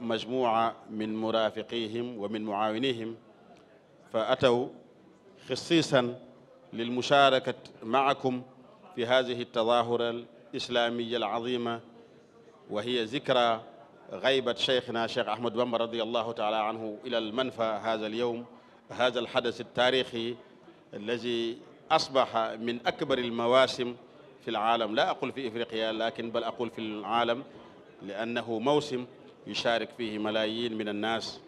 ومجموعة من مرافقيهم ومن معاونيهم فأتوا خصيصا للمشاركة معكم في هذه التظاهرة الإسلامية العظيمة وهي ذكرى غيبة شيخنا شيخ أحمد بن رضي الله تعالى عنه إلى المنفى هذا اليوم هذا الحدث التاريخي الذي أصبح من أكبر المواسم في العالم لا أقول في إفريقيا لكن بل أقول في العالم لأنه موسم يشارك فيه ملايين من الناس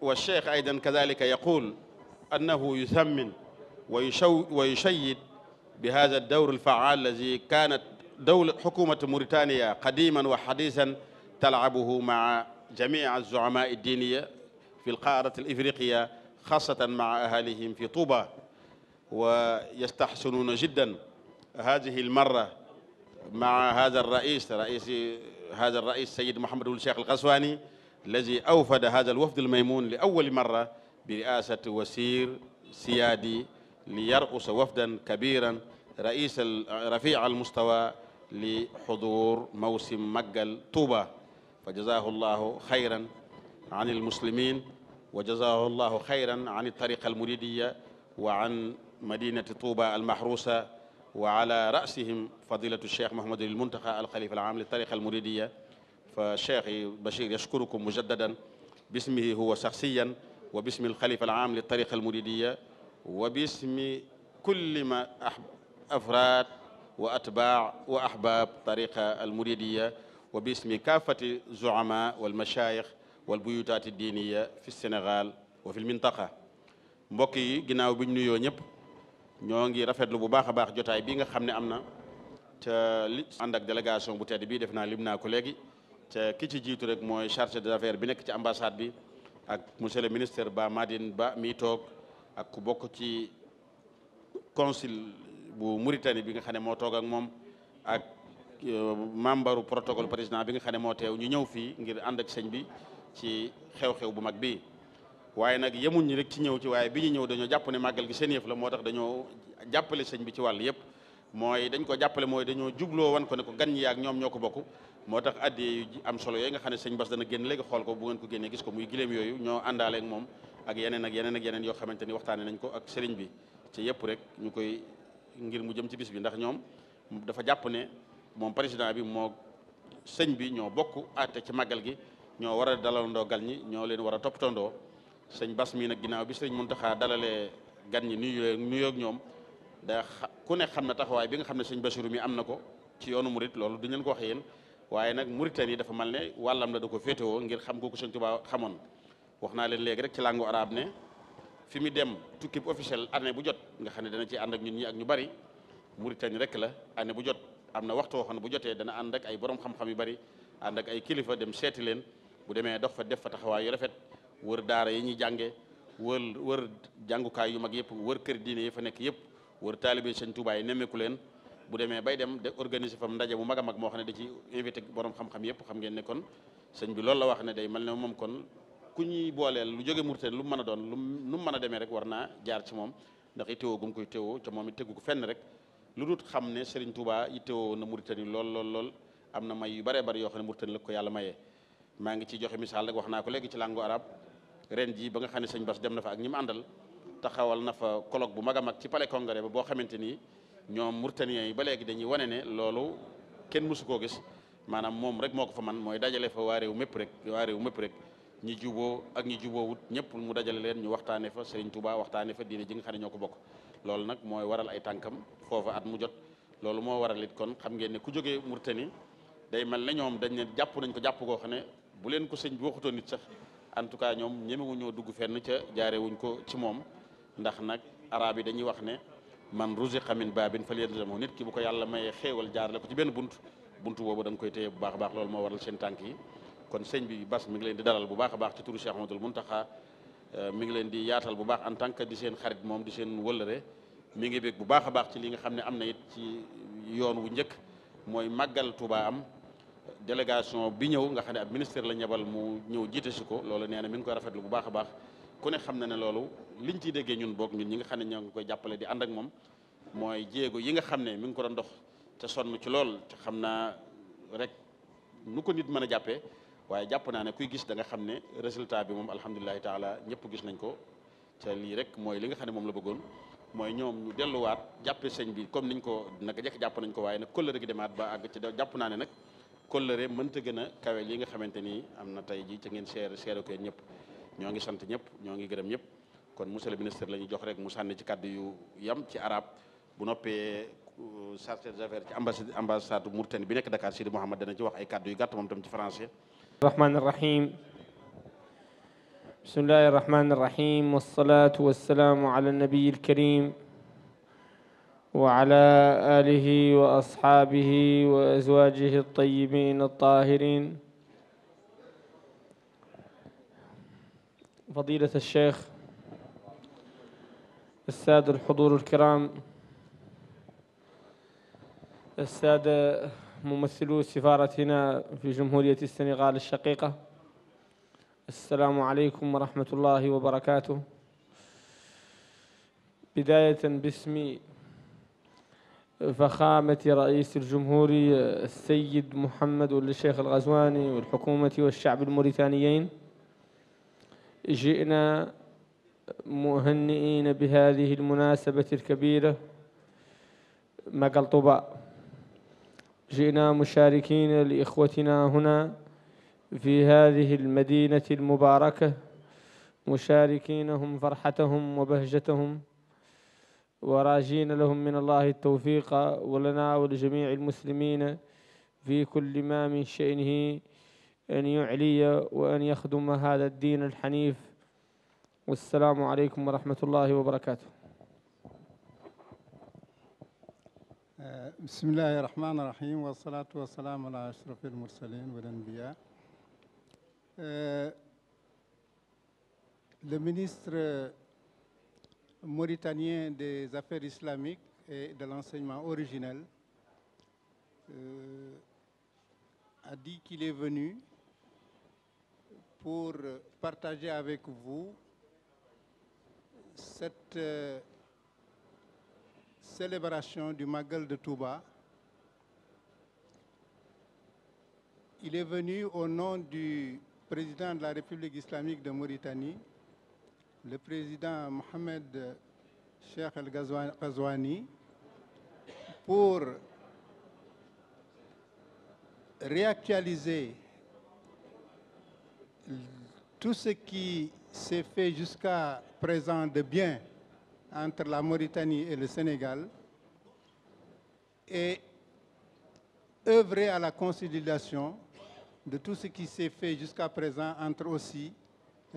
والشيخ أيضا كذلك يقول أنه يثمن ويشو ويشيد بهذا الدور الفعال الذي كانت دولة حكومة موريتانيا قديما وحديثا تلعبه مع جميع الزعماء الدينية في القارة الإفريقية خاصة مع أهاليهم في طوبة ويستحسنون جدا هذه المرة مع هذا الرئيس رئيس هذا الرئيس سيد محمد بن الشيخ القسواني الذي أوفد هذا الوفد الميمون لأول مرة برئاسة وزير سيادي ليرأس وفدا كبيرا رئيس رفيع المستوى لحضور موسم مجل طوبة فجزاه الله خيرا عن المسلمين وجزاه الله خيرا عن الطريقة المريدية وعن مدينة طوبة المحروسة wa ala rasihim fadilatu cheikh Mouhamadul Muntaxa alxalifa alaam li tariqa almuridiya fa cheikh Bachir yashkurukum mujaddadan bismihi huwa shaxsiyan wa bismi alxalifa alaam li tariqa almuridiya wa bismi kulli ma afraad wa atbaa wa ahbaab tariqa almuridiya wa bismi kaafati zuama walmachaayix walbuyutaati diiniya fi Sénégal wa fi lmintaqa mbokk yi ginnaaw bi ñu nuyoo ñëpp ñoo ngi rafetlu bu baax a baax jotaay bi nga xam ne am na te li ànd ak délégation bu tedd bi def naa lim naa ko léegi te ki ci jiitu rek mooy chargé d'affaires bi nekk ci ambassade bi ak monsieur le ministre Ba Madine Ba mi toog ak ku bokk ci consul bu Mauritanie bi nga xam ne moo toog ak moom ak euh, membre protocole président bi nga xam ne moo teew ñu ñëw fii ngir ànd ak sëñ bi ci xew-xew bu mag bi waaye nag yemuñ ñi rek ci ñëw ci waaye bi ñu ñëw dañoo jàpp màggal gi seen yëf la moo tax dañoo jàppale sëñ bi ci wàll yëpp mooy dañ ko jàppale mooy dañoo jubloo wan ko ne ko gan ñi ak ñoom ñoo ko bokk moo tax addiyee am solo yooyu nga xam ne sëñ Bass dana génn léegi xool ko bu ngeen ko génnee gis ko muy gileem yooyu ñoo àndaale moom ak yeneen ak yeneen ak yeneen yoo xamante ni waxtaane nañ ko ak sëriñ bi ci yëpp rek ñu koy ngir mu jëm ci bis bi ndax ñoom dafa jàpp ne moom président bi moo sëñ bi ñoo bokk àtte ci màggal gi ñoo war a dalandoo gal ñi ñoo leen war a toppatandoo sëñ Bas mii nag ginnaaw bi sëñ Muntaxa dalalee gan ñi nuyu nuyoo ak ñoom da ku ne xam na taxawaay bi nga xam ne sëñ bassiru mi am na ko ci yoonu murit loolu duñ leen ko wax yéen waaye nag muritaan yi dafa mel ne wàllam la da ko féetewoo ngir xam ko ko sëñ Tuubaa xamoon wax naa leen léegi rek ci langue arabe ne fi mu dem tukki bu officiel année bu jot nga xam ne dana ci ànd ak ñun ñi ak ñu bari Mauritanie rek la année bu jot am na waxtu xam ne bu jotee dana ànd ak ay borom xam yu bari ànd ak kilifa dem seeti leen bu demee dox fa def fa taxawaay yu rafet wër daara yi ñuy jànge wër wër jàngukaay yu mag yëpp wër kër diine yi fa nekk yëpp wër taalibe sëñ Tuubaa yi nemmeeku leen bu demee bay dem de organiser fam ndaje bu mag a mag moo xam ne da ci invité borom xam-xam yëpp xam ngeen ne kon sëñ bi la wax ne day mel ne moom kon ku ñuy booleel lu jóge murteen lu mu mën a doon lu mu mën demee rek war naa jaar ci moom ndax i téwoo gum koy téwoo ca moom it tegu ko fenn rek lu dut xam ne Serigne Touba yi téwoo na Mauritanie lool lool lool am na may yu bare bari yoo xam ne Mauritanie la ko yàlla mayee maa ngi ci joxe misaal rek wax naa ko léegi ci langue ren jii ba nga xam ne sëñ Bass dem na fa ak ñi mu àndal taxawal na fa colloque bu mag a mag ci palais congrès ba boo xamante ni ñoom Mauritaniens yi ba léegi dañuy wane ne loolu kenn musu koo gis maanaam moom rek moo ko fa man mooy dajale fa waa réew mépp rek waa mépp rek ñi juboo ak ñi juboo wut ñëpp mu dajale leen ñu waxtaane fa Serigne Touba waxtaane fa diine ji nga xam ne ñoo ko bokk loolu nag mooy waral ay tànkam foofa at mu jot loolu moo waral it kon xam ngeen ne ku jógee Mauritanie day mel ne ñoom dañ ne jàpp nañ ko jàpp goo xam ne bu leen ko sëñ bi waxutoon nit sax en tout cas ñoom ñemewu dugg fenn ca jaare wuñ ko ci moom ndax nag araab yi dañuy wax ne man ruziqa min baabin falyalzamhu nit ki bu ko yàlla mayee xéewal jaarale ko ci benn bunt bunt boobu da koy téye bu baax baax lool moo waral seen tànk yi kon sëñ bi bas mi ngi leen di dalal bu baax a baax ci turu Cheikh Ahmadul euh, mi ngi leen di yaatal bu baax en tant que di seen xarit moom di seen wëllëre mi ngi bég bu baax a baax ci li nga xam ne am na it ci yoon wu njëkk mooy màggal Tuubaa am délégation bi ñëw nga xam ne ab ministère la ñebal mu ñëw jiite si ko loolu nee na mi ngi koy rafetlu bu baax a baax ku ne xam na ne loolu liñ ciy déggee ñun boog ñu ñi nga xam ne ñoo ngi koy jàppale di ànd moom mooy jéego yi nga xam ne mi ngi ko doon dox te sonn ci lool te xam naa rek nu ko nit mën a jàppee waaye jàpp naa ne kuy gis da nga xam ne résultat bi moom alhamdulilahi taala ñëpp gis nañ ko te lii rek mooy li nga xam ne moom la bëggoon mooy ñoom ñu delluwaat jàppe sëñ bi comme niñ ko naka jekk jàpp nañ ko waaye nag kóllëre gi demaat ba àgg ci jàpp naa ne nag kóllëre mënta gën a kawe li nga xamante ni am na tey ji ci ngeen seere seere ko ñoo ngi sant ñëpp ñoo ngi gërëm ñëpp kon monsieur le ministre la ñuy jox rek mu sànni ci kàddu yu yam ci arab bu noppee euh, chargé des affaires ci ambassade ambassade Mauritanie bi nekk Dakar Sidi Mouhamed dana ci wax ay kàddu yu gàtt moom tam ci français rahmaan rahim bismillahi rahmaan rahim wassalatu wassalamu ala nabiy al وعلى آله وأصحابه وأزواجه الطيبين الطاهرين فضيلة الشيخ السادة الحضور الكرام السادة ممثلو سفارتنا في جمهورية السنغال الشقيقة السلام عليكم ورحمة الله وبركاته بداية باسم فخامة رئيس الجمهور السيد محمد والشيخ الغزواني والحكومة والشعب الموريتانيين جئنا مهنئين بهذه المناسبة الكبيرة مقلطباء جئنا مشاركين لإخوتنا هنا في هذه المدينة المباركة مشاركينهم فرحتهم وبهجتهم وراجين لهم من الله التوفيق ولنا ولجميع المسلمين في كل ما من شأنه أن يعلي وأن يخدم هذا الدين الحنيف والسلام عليكم ورحمة الله وبركاته بسم الله الرحمن الرحيم والصلاة والسلام على أشرف المرسلين والأنبياء Le ministre mauritanien des affaires islamiques et de l'enseignement originel, euh, a dit qu'il est venu pour partager avec vous cette euh, célébration du Magal de Touba. Il est venu au nom du président de la République islamique de Mauritanie le président Mohamed Cheikh El Ghazouani pour réactualiser tout ce qui s'est fait jusqu'à présent de bien entre la Mauritanie et le Sénégal et œuvrer à la consolidation de tout ce qui s'est fait jusqu'à présent entre aussi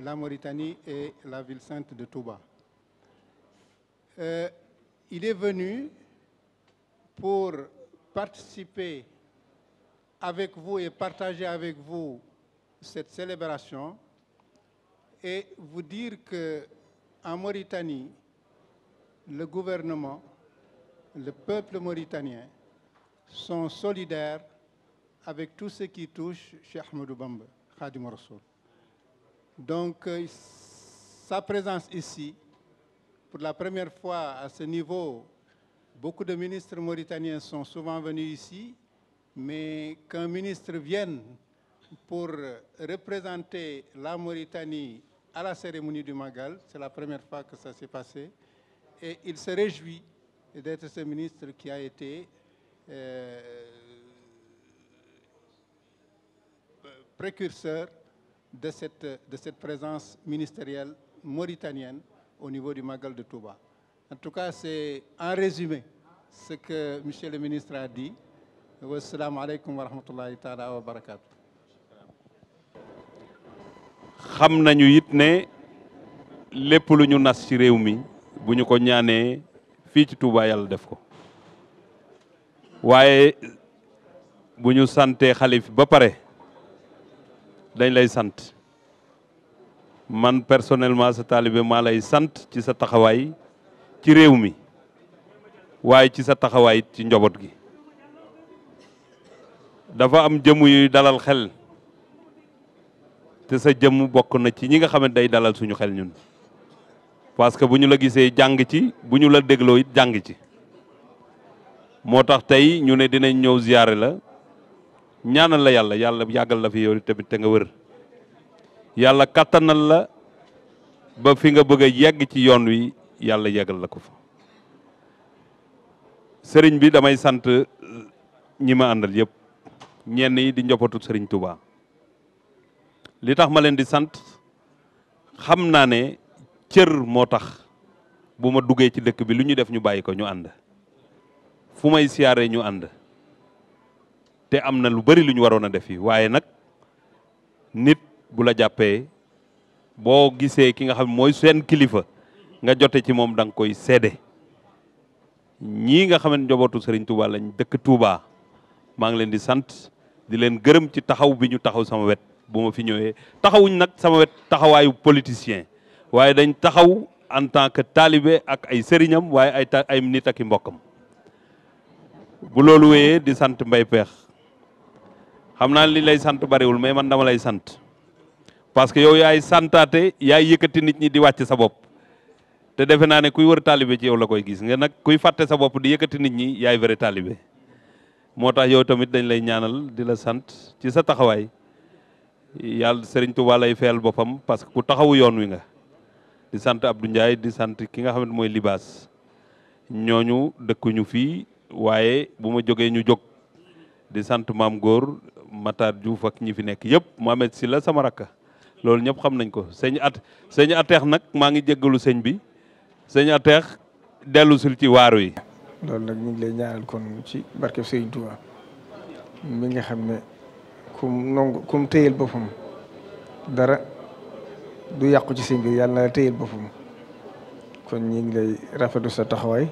la Mauritanie et la ville sainte de Touba. Euh, il est venu pour participer avec vous et partager avec vous cette célébration et vous dire que en Mauritanie, le gouvernement, le peuple mauritanien sont solidaires avec tout ce qui touche Cheikh Ahmadou Bamba, Khadim Rassoul. Donc, euh, sa présence ici, pour la première fois à ce niveau, beaucoup de ministres mauritaniens sont souvent venus ici, mais qu'un ministre vienne pour représenter la Mauritanie à la cérémonie du Magal, c'est la première fois que ça s'est passé, et il se réjouit d'être ce ministre qui a été euh, précurseur de cette, de cette présence ministérielle mauritanienne au niveau du Magal de Touba. En tout cas, c'est en résumé ce que M. le ministre a dit. Wassalamu alaikum wa ta'ala wa barakatuh. xam nañu it ne lépp lu ñu nas ci réew mi bu ñu ko ñaanee fii ci Touba def ko waaye bu ñu sante xalif ba pare dañ lay sant man personnellement sa taalibe maa lay sant ci sa taxawaay ci réew mi waaye ci sa taxawaay ci njaboot gi dafa am jëm yuy dalal xel te sa jëmm bokk na ci ñi nga xam ne day dalal suñu xel ñun parce que bu ñu la gisee jàng ci bu ñu la dégloo it jàng ci moo tax tey ñu ne dinañ ñëw ziyaare la ñaanal la yàlla yàlla yàggal la fi yow tamit te nga wër yàlla kattanal la ba fi nga bëgg a yegg ci yoon wi yàlla yeggal la ko fa sëriñ bi damay sant ñi ma àndal yëpp ñenn yi di njoppatul sëriñ Touba li tax ma leen di sant xam naa ne cër moo tax bu ma duggee ci dëkk bi lu ñu def ñu bàyyi ko ñu ànd fu may siyaaree ñu ànd te am na lu bari lu ñu waroon a def fii waaye nag nit bu la jàppee boo gisee ki nga xam mooy seen kilifa nga jote ci moom danga koy seede ñii nga xam ne njobootu Serigne lañ dëkk Touba maa ngi leen di sant di leen gërëm ci taxaw bi ñu taxaw sama wet boo ma fi ñëwee taxawuñ nag sama wet taxawaayu politicien waaye dañ taxaw en tant que taalibe ak ay sëriñam waaye ay ay nit ak i mbokkam bu loolu wéyee di sant Mbaye peex xam naa li lay sant bariwul mais man dama lay sant parce que yow yaay santaate yaay yëkkati nit ñi di wàcc sa bopp te defe naa ne kuy wër taalibe ci yow la koy gis nga nag kuy fàtte sa bopp di yëkkati nit ñi yaay vrai taalibe moo tax yow tamit dañ lay ñaanal di la sant ci sa taxawaay yàlla Serigne Touba lay feyal boppam parce que ku taxawu yoon wi nga di sant Abdou Ndiaye di sant ki nga xam ne mooy libaas ñooñu dëkkuñu fii waaye bu ma jógee ñu jóg di sant maam góor Matar Diouf ak ñi fi nekk yëpp Mohamed Sylla sama rakka loolu ñëpp xam nañ ko sëñ at sëñ ateex nag maa ngi jéggalu sëñ bi sëñ ateex dellu ci waaru yi loolu nag ñu ngi lay ñaanal kon ci barkeb Sëriñ Tuubaa mi nga xam ne kum nongu kum téyel boppam dara du yàqu ci sëñ bi yàlla na la téyel boppam kon ñu ngi lay rafetu sa taxawaay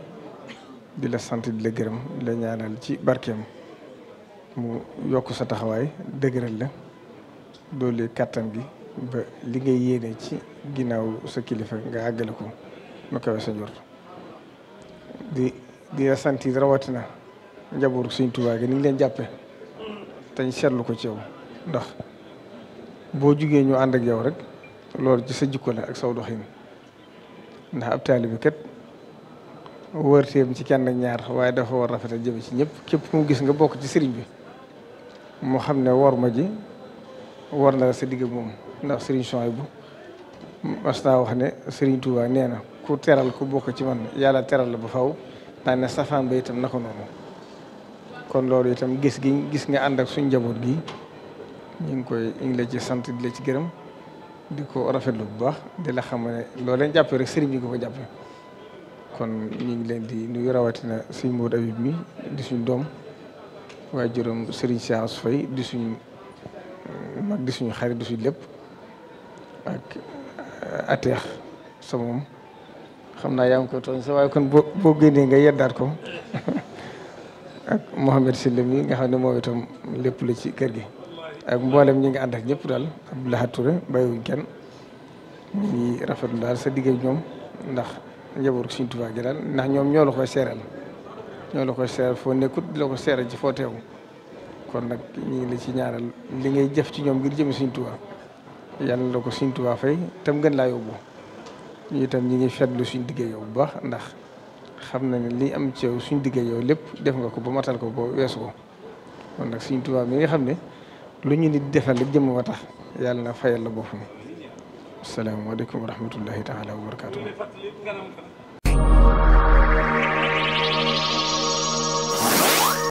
di la sant di la gërëm di ñaanal ci barkeem mu yokk sa taxawaay dëgëral la doole kàttan gi ba li ngay yéene ci ginnaaw sa kilifa nga àggale ko nu kawe sa njort di di la sant yi rawatina njabootu Sëñ Tuubaa gi ni leen jàppe tañ seetlu ko ci yow ndax boo jugee ñu ànd ak yow rek loolu ci sa jikko la ak saw doxin ndax ab taalibe kat wërteem ci kenn ñaar waaye dafa war rafet a jëme ci ñëpp képp ku mu gis nga bokk ci sëriñ bi mu xam ne war ma ji war na la sa digg moom ndax sëriñ Souhaïbou mas naa wax ne sëriñ Touba nee na ko teral ku bokk ci man yàlla teral la ba faw naa ne safaan ba na naka noonu kon loolu itam gis gi gis nga ànd suñ njaboot gi ñu ngi koy ñu ngi la ci sant di la ci gërëm di ko rafetlu bu baax di xam ne loo leen sëriñ bi nga kon ñu ngi leen di nuyu rawatina suñ Modou Habib mi di suñ doom waaye juróom Serigne Cheikh Faye di suñu mag di suñu xarit di suñu lépp ak euh, ateex sa moom xam naa yaa ngi koy tooñ sa waaye kon boo boo génnee nga yeddaat ko ak Mouhamed Sylla mi nga xam ne mooy itam lépp la ci kër gi ak mboolem ñi ngi ànd ak ñëpp daal Abdoulaye Touré bàyyiwuñ kenn ñu rafetlu daal sa digg ñoom ndax njaboot suñu Tuubaa gi ndax ñoom ñoo la koy seeral ñoo la koy seer foo nekkut di la ko seere ci foo teew kon nag ñu la ci ñaaral li ngay jëf ci ñoom ngir jëme Sëriñ Tuubaa yàlla la ko Sëriñ Tuubaa fay tam gën laa yóbbu ñu itam ñi ngi fetlu suñ diggee bu baax ndax xam na ne am ci yow suñ diggee yow lépp def nga ko ba matal ko ba kon nag Sëriñ Tuubaa mi nga xam ne lu ñu nit defal rek jëmm ba tax yàlla na fayal la boppam asalaamaaleykum wa rahmatullahi taala wa barakaatu.